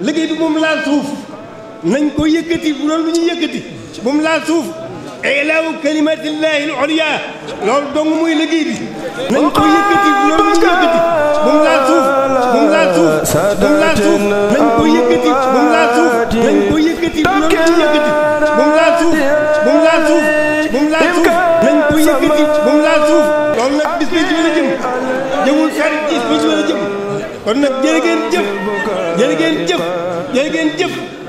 liggéey bi moom laal suuf nañ ko yëkkati bu loolu lu ñuy yëkkati moom laal suuf ilaawu kalimatillahi al-ulya loolu dong muy liggéey bi nañ ko yëkkati bu loolu lu ñuy yëkkati moom laal suuf nañ ko yëkkati moom laal suuf nañ ko yëkkati bu la jëm jëmul xarit bis bi la jëm kon nag jërë ngeen jërë ngeen jëf jërë ngeen jëf